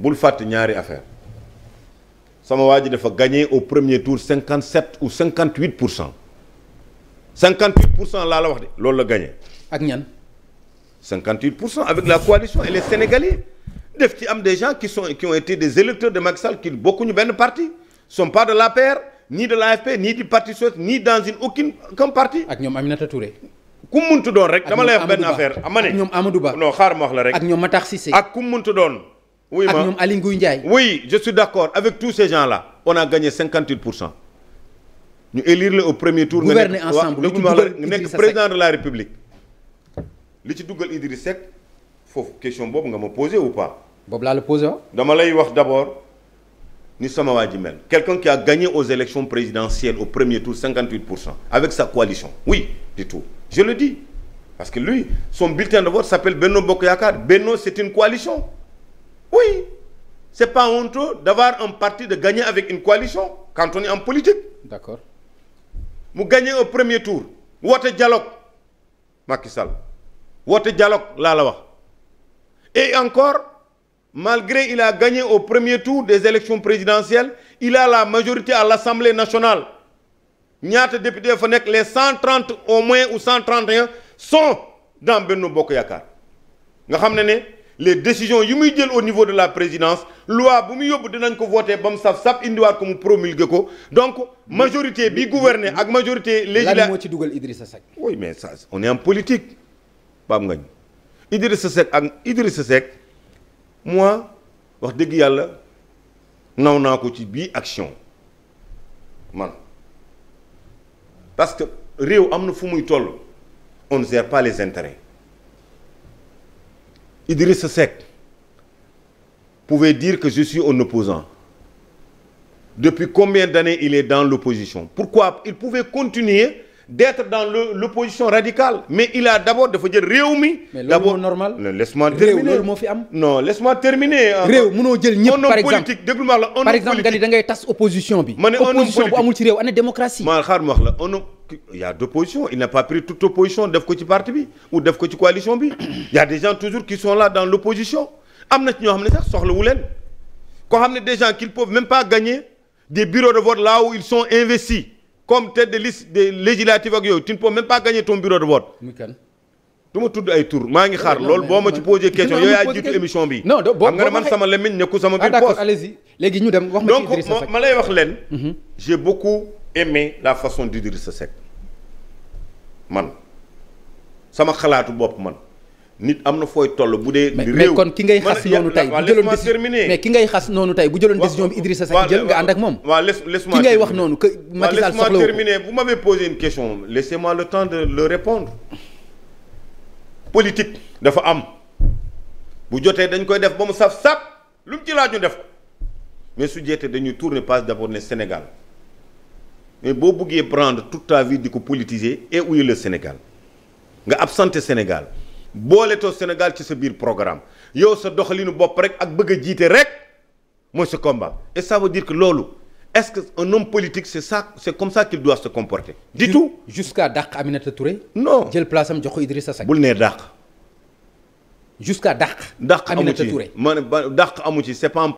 bul fàtte ñaari affaire sama waa ji dafa gagné au premier tour cinquante sept ou cinquante huit pour cent cinquante huit pour cent laa la wax de loolu la gagné. ak ñan. cinquante huit pour cent avec la coalition et les sénégalais def ci am des gens qui sont qui ont été des électeurs de Macky Sall qui bokkuñu benn parti sont pas de l'APR ni de l'AFP ni du parti socialiste ni dans une aucune comme parti. ak ñoom a Touré. ku mu munti doon rek. dama lay wax benn affaire ama ne. ak ñoom Amadou Ba non xaar ma wax ak ñoom Matar Cissé. ak ku mu munti oui ma ak ñoom Aly Ngouille Ndiaye. oui je suis d' accord avec tous ces gens là on a gagné cinquante pour cent ñu élire la au premier tour. nga nekk ensemble nga nekk président de la république. li ci duggal Idriss Seck foofu question boobu nga ma posé ou pas. boobu laa la posé woon. dama lay wax d' abord ni sama waa ji mel. quelqu'un qui a gagné aux élections présidentielles au premier tour cinquante pour cent avec sa coalition oui du tout je le dis parce que lui son bulletin de Yaakaar Benno c' est une Oui, c'est pas honteux d'avoir un parti de gagner avec une coalition quand on est en politique. D'accord. mu gagné au premier tour woote dialogue Macky Sall woote dialogue laa la wax et encore malgré il a gagne au premier tour des élections présidentielles il a la majorité à l'Assemblée nationale ñaata député fa nekk les cent trente au moins ou cent trente et un sont dans Benno Bokk Yaakaar nga xam ne ne. les décision yi muy jël au niveau de la présidence loi bu mu yóbbu dinañ ko voté ba mu saf saf indiwaat ko mu promulgué ko donc majorité bi gouverner ak majorité législative lan moo ci dugal Idrissa Seck. oui mais ça on est en politique Pape Ngagne Idrissa Seck ak Idrissa Seck moi wax dëgg yàlla naw naa ko ci bii action man parce que réew am na fu muy toll on ne gère pas les intérêts. Idriss Seck pouvait dire que je suis un opposant. Depuis combien d'années il est dans l'opposition Pourquoi Il pouvait continuer d'être dans l'opposition radicale. Mais il a d'abord de dire Réumi. Mais d'abord normal. Laisse-moi terminer. Non, laisse-moi terminer. Réew, mënoo jël ñëpp par exemple. politique, déglu ma la, on Par exemple, da ngay tas opposition bi. Opposition bu amul ci réew, ana démocratie. Ma xaar ma wax la, il y a deux positions il n'a pas pris toute opposition def ko ci parti bi ou def ko ci coalition bi il y a toujours qui sont là dans l'opposition am na ci ñoo xam ne sax soxlawu leen koo xam ne des gens qui ne peuvent pas gagner des bureaux de vote là où ils sont investis comme tête de liste des législatives ak yooyu tu ne peux pas gagner ton bureau de vote. muy ma tudd ay tour maa ngi xaar loolu boo ci posé yow yaa jiitu émission bi. xam nga ne man sama lemiñ aimer la façon d'Idrissa Seck man sama xalaatu bopp man nit am na fooy toll bu dee. réew kon ki ngay xas noonu tey bu jëloon décision mais ki ngay xas noonu tey bu jëloon décision bi Idrissa Seck jël nga ànd ak moom. waaw laisse-moi ki ngay wax noonu que Macky Sall soxla laisse-moi terminer vous m'avez posé une question laissez-moi le temps de le répondre politique dafa am bu jotee dañ koy def ba mu saf sap lu mu ci ñu def ko mais su jeetee dañuy tourner page d'abord ne Sénégal. mais boo bëggee prendre tout ta vie di ko politiser et où est le Sénégal nga absenté Sénégal booletoo Sénégal ci sa biir programme yow sa doxalinu bopp rek ak bëgg a jiite rek mooy sa combat et ça veut dire que loolu est-ce que un homme politique c'est ça c'est comme ça qu'il doit se comporter. du tout jusqu'à dàq Aminata Touré. non jël place am jox ko Idrissa Seck. bul nee dàq. jusqu'à dàq. Aminata Touré dàq amu ci maanaam dàq amu ci c'est pas